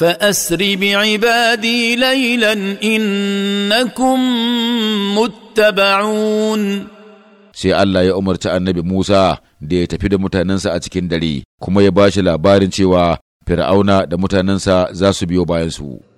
فاسر بعبادي ليلا انكم متبعون sai Allah ya umarci annabi Musa da ya tafi da mutanensa a cikin dare kuma ya ba shi labarin cewa Fir'auna da mutanensa za su biyo bayansu.